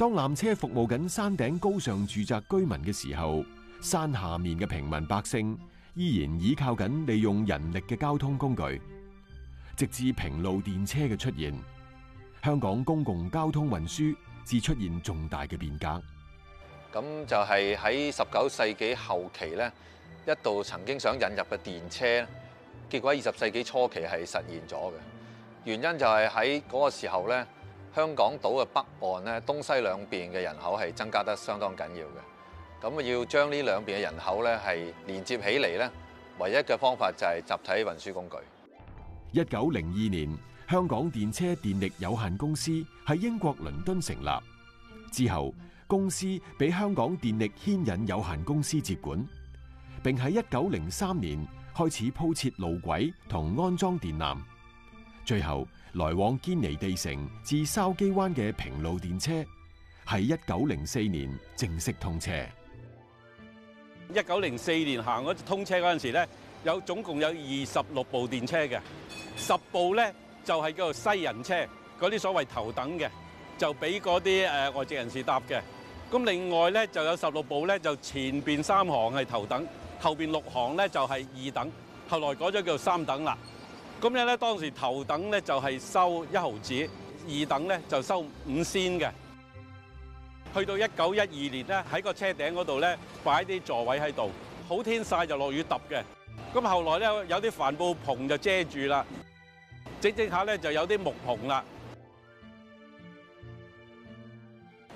當纜車服務緊山頂高尚住宅居民嘅時候。山下面嘅平民百姓依然倚靠緊利用人力嘅交通工具，直至平路電車嘅出現，香港公共交通運輸至出現重大嘅變革。咁就係喺十九世紀後期咧，一度曾經想引入嘅電車，結果二十世紀初期係實現咗嘅。原因就係喺嗰個時候咧，香港島嘅北岸咧，東西兩邊嘅人口係增加得相當緊要嘅。咁啊，要將呢兩邊嘅人口咧係連接起嚟咧，唯一嘅方法就係集體運輸工具。一九零二年，香港電車電力有限公司喺英國倫敦成立，之後公司俾香港電力牽引有限公司接管，並喺一九零三年開始鋪設路軌同安裝電纜，最後來往堅尼地城至筲箕灣嘅平路電車喺一九零四年正式通車。一九零四年行嗰次通車嗰陣時咧，有總共有二十六部電車嘅，十部咧就係叫做西人車，嗰啲所謂頭等嘅，就俾嗰啲誒外籍人士搭嘅。咁另外咧就有十六部咧，就前邊三行係頭等，後邊六行咧就係二等。後來改咗叫做三等啦。咁樣咧當時頭等咧就係收一毫子，二等咧就收五仙嘅。去到一九一二年咧，喺個車頂嗰度咧擺啲座位喺度，好天曬就落雨揼嘅。咁後來咧有啲帆布篷就遮住啦，整整下咧就有啲木篷啦。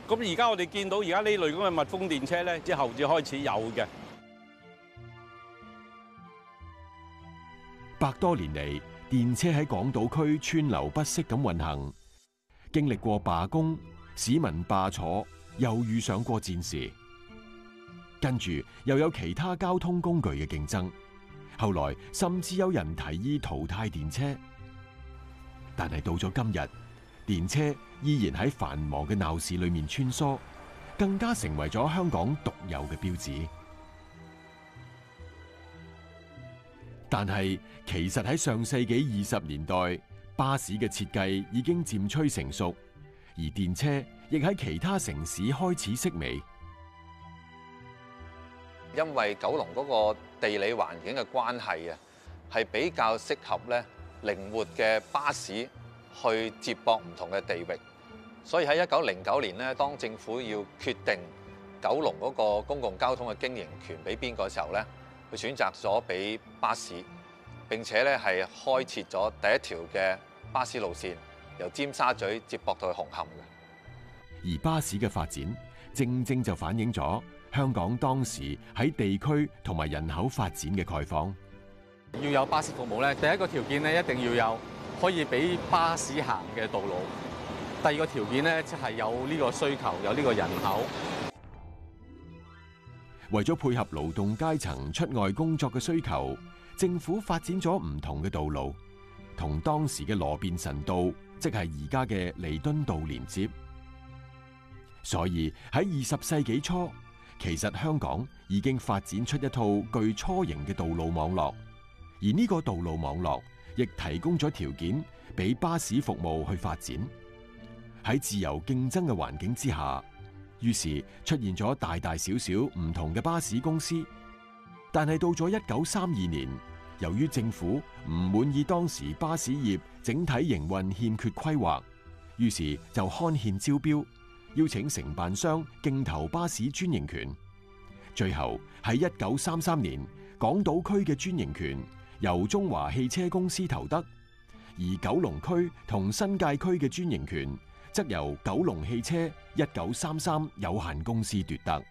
咁而家我哋見到而家呢類咁嘅密封電車咧，之後至開始有嘅。百多年嚟，電車喺港島區川流不息咁運行，經歷過罷工、市民罷坐，又遇上過戰事，跟住又有其他交通工具嘅競爭，後來甚至有人提議淘汰電車，但係到咗今日，電車依然喺繁忙嘅鬧市裏面穿梭，更加成為咗香港獨有嘅標誌。但係其實喺上世紀二十年代，巴士嘅設計已經漸趨成熟。而電車亦喺其他城市開始式微，因為九龍嗰個地理環境嘅關係啊，係比較適合咧靈活嘅巴士去接駁唔同嘅地域，所以喺一九零九年咧，當政府要決定九龍嗰個公共交通嘅經營權俾邊個嘅時候咧，佢選擇咗俾巴士，並且咧係開設咗第一條嘅巴士路線。由尖沙咀接駁到去紅磡嘅，而巴士嘅發展正正就反映咗香港當時喺地區同埋人口發展嘅概況。要有巴士服務咧，第一個條件呢，一定要有可以俾巴士行嘅道路。第二個條件呢，即係有呢個需求，有呢個人口。為咗配合勞動階層出外工作嘅需求，政府發展咗唔同嘅道路，同當時嘅羅便臣道。即係而家嘅彌敦道連接，所以喺二十世紀初，其實香港已經發展出一套具雛形嘅道路網絡，而呢個道路網絡亦提供咗條件俾巴士服務去發展。喺自由競爭嘅環境之下，於是出現咗大大小小唔同嘅巴士公司，但係到咗一九三二年，由於政府唔滿意當時巴士業整體營運欠缺規劃，於是就刊憲招標，邀請承辦商競投巴士專營權。最後喺一九三三年，港島區嘅專營權由中華汽車公司投得，而九龍區同新界區嘅專營權則由九龍汽車一九三三有限公司奪得。